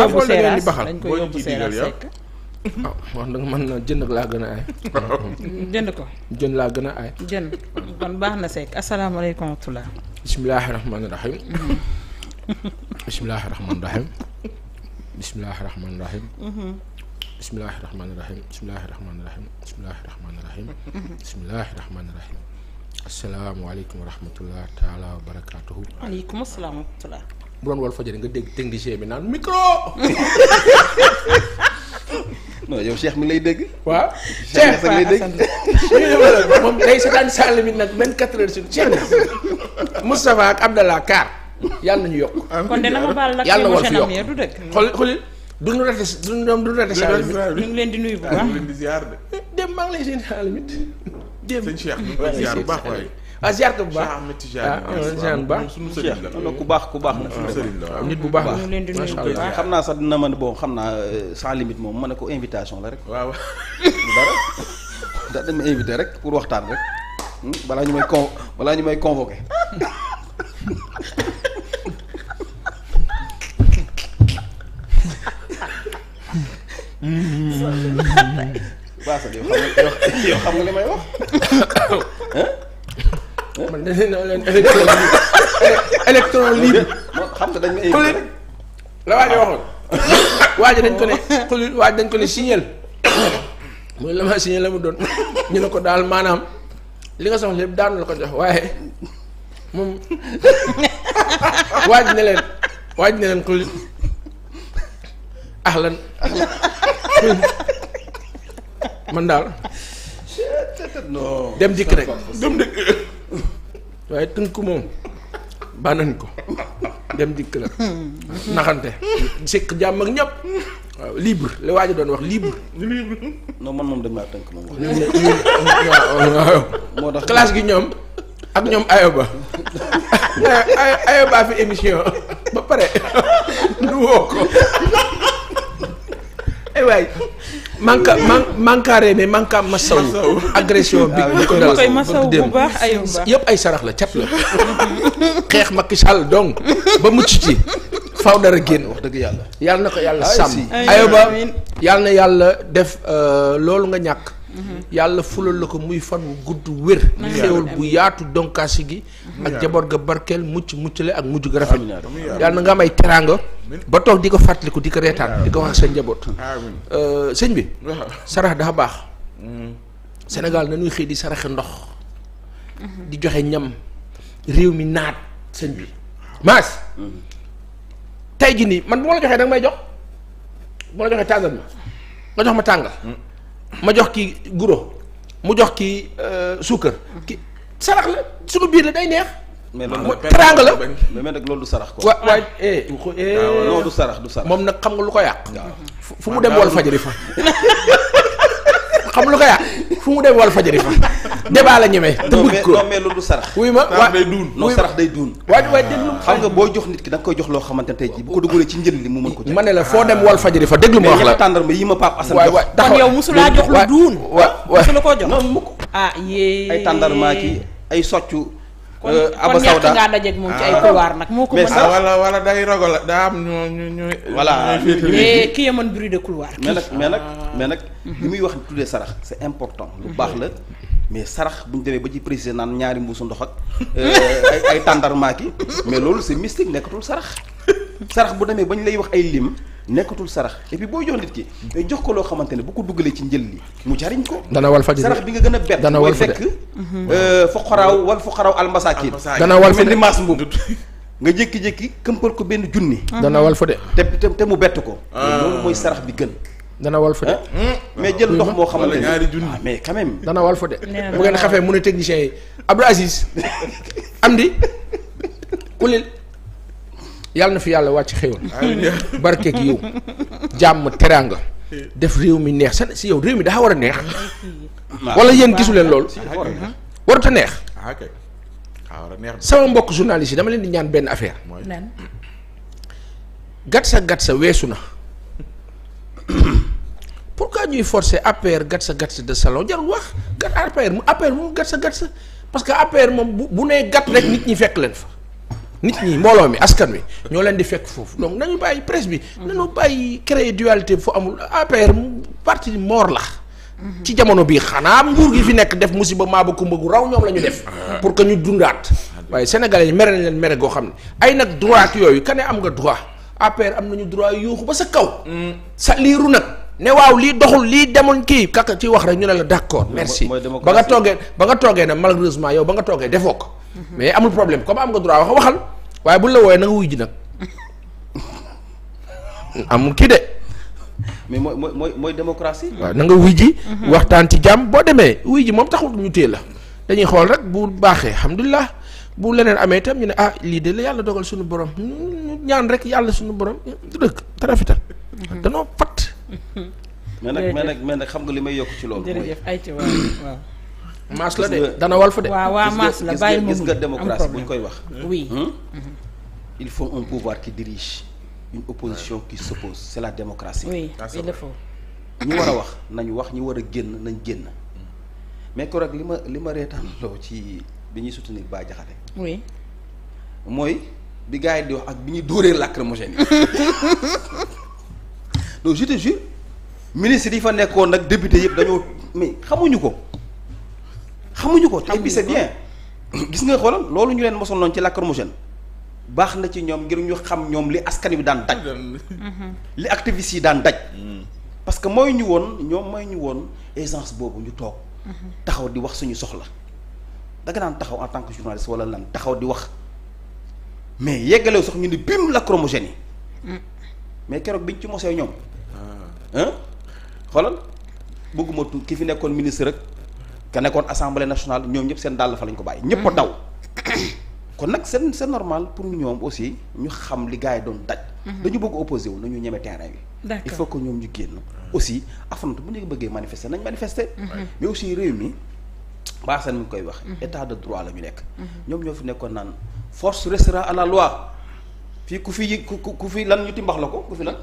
yóbbu seeraas dañ ko yóbbu seeraas sekk ah wax nga mën na jënd laa gën a aay. jënd ko. jënd laa gën a aay. jënd kon baax na sekk asalaamaaleykum wa rahmatulah. bisimilah rahmaani rahiim. bisimilah rahmaani rahiim. bisimilah rahmaani rahiim. bisimilah rahmaani rahiim. bisimilah rahmaani rahiim. bisimilah rahmaani rahiim. Mm-hmm. bisimilah rahmaani rahiim. asalaamualeykum wa rahmatulah taalaa wa barakaatuhu. waaleykum salaam wa rahmatulah. bu doon Walf Fadjri nga dégg technicien bi naan micro. non yow Cheikh mi lay dégg. waaw Cheikh sax lay dégg. moom day seetaan Saal mi nag 24 heures sur Cheikh na Moustapha ak Abdallah Kaar yàlla nañu yokk. kon de nama baal nag yàlla war fi yokk xool xool du ñu rate du ñu rate Saal mi ñu ngi leen di nuyu baax. dem maa lay seen Saal mi dem. sëñ Cheikh ñu lay ziar bu ah ziar ko bu baax ah, ziar bu baax suñu sëriñ la ku baax ku baax la nit bu baax la xam naa sax dina ma ne bon xam naa euh, sans limite moom ma ko invitation la rek waaw dara da dama rek pour waxtaan hmm, balaa ñu may con balaa ñu may convoqué waaw yow xam nga may wax dañ leen électron libre électron libre. xam nga dañ la la waaj a waaj dañ ko ne xulil waaj dañ ko ne signal mu ne la ma signal la mu doon ñu ne ko daal maanaam li nga soxla yëpp daanu la ko jox waaye moom waaj ne leen waaj ne leen xulil ahlan man daal. dem dikk rek waaye tënk moom banañ ko dem dikk la naxante sikk jàmm ak ñëpp waaw libre li waa ji doon wax libre non man moom dañ maa tënk moom moo tax classe gi ñoom ak ñoom ayoba ayoba fi émission ba pare nu ko ay eh waay manka mankaare ne manka masaw agression bi ah, ñu koy dal bu baax ay yëpp ay sarax la cat la xeex Macky Sall donc ba mucc ci faaw dara génn wax dëgg yàlla yàlla na ko yàlla sàmm ayoba yàlla na yàlla def euh, loolu nga ñàkk yàlla fulal la ko muy fan wu gudd wér xéewal bu yaatu donkaasi gi ak jaboot ga barkeel mucc muccale ak mujj ga rafet yàlla na nga am ay teraanga ba toog di ko fàttaliku di ko reetaan di ko wax sa njaboot euh, sëñ bi sarax dafa baax mm. Sénégal nañuy xëy di saraxe ndox di joxe ñam réew mi naat sëñ bi maas mm. tey ji nii man bu ma la joxee danga may jox bu ma la joxee tàngal ma nga jox ma tàngal mm. ma jox kii guro mu jox kii euh, suukar ki sarax la suñu biir la day neex. mais loolu teraanga la mais nag loolu du sarax quoi. wa waay eh. eh. Ah, du sarax du sarax. moom nag xam nga lu ko yàq. fu mu dem wal fajari fa xam lu ko yàq. fu mu dem wal fajari fa débat la ñemee te bëgg loolu sarax wuy ma waa sarax day duun waaj waay déglu xam nga boo jox nit ki da nga koy jox loo xamante ne tey ji bu ko dugalee ci njël li mu mën ko ma ne la foo dem wal fajari fa déglu ma wax la tàndarma yi ma Pape Assane jox kon yow mosulaa jox lu duun wa musula koo jox non mukk ah yee ay tàndarma ki ay soccu Aba Sawda kon euh, ñàkk ngaa dajeeg moom ci ay ah. couloir nag. moo ko mën a wala wala day rogala daa am ñu ñu ñu. voilà mais kii ya mën bruit de couloir. mais nag mais nag ah. mais nag. li muy wax tuddee sarax c'est important. lu baax la mais sarax bu ñu demee ba ci préciser naan ñaari mbuusu ndox ak euh, ay ay tàndarmaaki mais loolu c'est mystique nekkatul sarax sarax bu demee ba ñu lay wax ay lim. nekkatul sarax et puis booy jox nit ki jox ko loo xamante ne bu ko duggalee ci njël li mu jariñ ko dana wal faj sarax bi nga gën a bett dana wal fekk euh, fuqaraaw wal fuqaraaw almasaakin dana wal mel ni maas mbub nga jékki-jékki këmpal ko benn junni dana wal fa mu bett ko ah. loolu mooy sarax bi gën dana wal fa de ah. mais jël ndox moo xamante ne ah, mais quand dana wal fa de bu ngeen xafee mu ne technicien yi Abdou Aziz am di kulil yàlla na fi yàlla wàcc xéwal barkeeg yow jàmm teraanga def réew mi neex sa si yow réew mi daa war a neex wala yéen gisu leen loolu warut a neex ah, sama mbokk journaliste yi dama leen di ñaan benn affaire gatsa gatsa weesu na pourquoi ñuy force forcer APR gatsa gatsa de salon jarul wax gat APR mu APR mu gatsa gatsa parce que APR moom bu bu nee gat rek nit ñi fekk leen fa nit ñi mbooloo mi askan wi ñoo leen di fekk foofu donc nañu bàyyi presse bi mhm. nañu bàyyi créer dualité fu amul APR parti moor la mhm. ci jamono bii xanaa nguur yi fi nekk def musiba maaba kumba gu raw ñoom la ñu def ah. pour que ñu dundaat waaye sénégalais yi mere nañ leen mere goo xam ne ay nag droit yooyu ka ne am nga droit APR am nañu droit yuuxu ba sa kaw mm. sa liiru nag ne waaw lii doxul lii demoon kii kaka ci wax rek ñu ne la d'accord merci ba nga toogee ba nga toogee ne malheureusement yow ba nga toogee defoo Mhm. mais amul problème comme am nga droit wax waxal waaye buñ la wooyee na nga ji nag amul kii de. mais mooy mooy mooy démocratie. na nga wuy ji. Mhm. waxtaan ci jàmm boo demee wuy ji moom taxul ñu téye la dañuy xool rek bu baaxee alhamdulilah bu leneen amee itam ñu ne ah lii de la yàlla dogal suñu borom ñaan rek yàlla suñu borom du dëkk te rafetal. Mhm. danoo fat mais nag mais nag mais nga li may yokk ci loolu. maas la de dana wal fa de. waaw waaw la bàyyi ma gis nga démocratie bu ñu koy wax. oui. Hmm? Hmm? il faut un pouvoir qui dirige une opposition qui s'oppose c'est la démocratie. oui ah, il le ñu war a wax nañu wax ñi war a génn nañ génn mais ko rek li ma li ma reetaan loo ci bi ñuy soutenir Bah Diakhaté. mooy bi gars yi di wax ak bi ñuy dóoree lacrymogène yi donc je te jure ministre yi fa nekkoon nag député yëpp dañoo mais xamuñu ko. xamuñu ko te et puis c'est gis nga xoolal loolu ñu leen mosoon noonu ci lacrymogène baax na ci ñoom ngir ñu xam ñoom li askan wi daan daj mhm. li activistes yi daan daj mm. parce que mooy ñu woon ñoom mooy ñu woon essence boobu ñu toog mhm. taxaw di wax suñu soxla danga daan taxaw en tant que journaliste wala lan taxaw di wax mais yeggalew sax ñu ni bim lacrymogène yi mm. mais keroog biñ ci mosee ñoom ah. xoolal bëgguma tu ki fi nekkoon ministre rek ka nekkoon assemblée nationale ñoom ñëpp seen dàll fa lañ ko bàyyi. ñëpp a mm-hmm. daw. kon nag seen c'est normal pour ñoom aussi ñu xam li gars yi doon daj. Mm-hmm. dañu bëgg opposé wu nañu ñeme terrain bi. il faut que ñoom ñu génn. Mm-hmm. aussi affronte bu ñu bëggee manifester nañ manifester. mais aussi réew mi baax seen mi ngi koy wax. état de droit la nekk. ñoom ñoo fi nekkoon naan force restera à la loi fii ku fi ku fi lan ñu timbax la ko ku fi lan.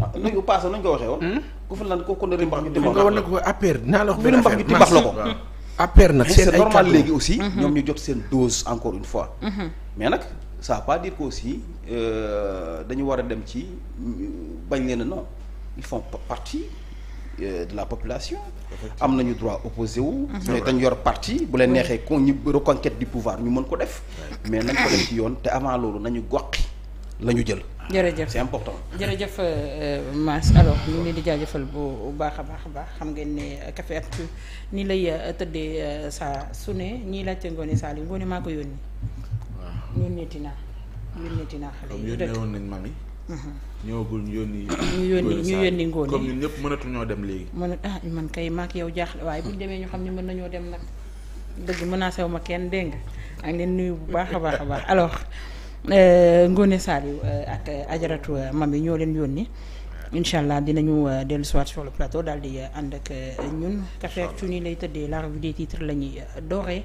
ah nuñ ko paase nuñ ko waxee woon. Hmm? ku fa lan ko ko ndëri mbax ñu dimbax la ko nga ko APR dinaa la wax benn mbax ñu dimbax la ko. APR nag seen ay c'est aussi. Mhm. ñoom ñu jot seen dose encore une fois. Mhm. mais nag ça pas dire que aussi euh, dañu war a dem ci euh, bañ leen non ils font partie euh, de la population. am nañu droit opposé wu. Mhm. mais dañu yor parti bu leen neexee kon ñu reconquête du pouvoir ñu mën ko def. mais nañ ko def ci yoon te avant loolu nañu gox. la ñu jël. jërëjëf c'est important. jërëjëf euh, euh, Mass alors ñu ngi leen di jaajëfal bu baax a baax a baax xam ngeen ni euh, Café Actu nii lay tëddee saa su ne ñii laajte Ngoné saali Ngoné maa ko yónni. waaw yónneeti naa yónneeti naa xale yi. dëkk comme yónneewoon nañ mami. Mhm. ñëwagul ñu yónni. ñu yónni ñu comme ñun ñëpp mënatuñoo dem léegi. mën ah man kay maak yow jaaxle waaye bu ñu demee ñu xam ne mën nañoo dem nag dëgg menacé wu ma kenn dégg nga. ak leen nuyu bu baax a baax a baax alors Euh, Ngone Saliou euh, ak euh, ajaratu mam yi ñoo leen yoon yónni incha allah dinañu dellu si sur le plateau daal di ànd ak ñun café ak cuuni lay tëddee la revue des titres la ñuy dooree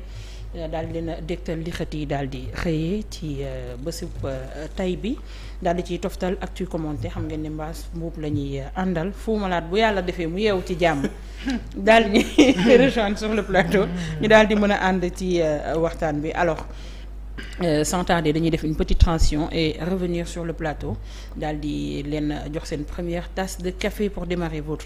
daal di leen a dégtal li yi daal di xëyee ci bésub tay bi daal di ciy toftal ak ci commenté xam ngeen ne mbaas mbuub la ñuy àndal fu malaat bu yàlla defee mu yeewu ci jàmm daal di ñuy sur le plateau ñu daal di mën a ànd ci waxtaan bi alors Euh, sans tarder dañuy def une petite transition et revenir sur le plateau daal di leen jox seen première tasse de café pour démarrer votre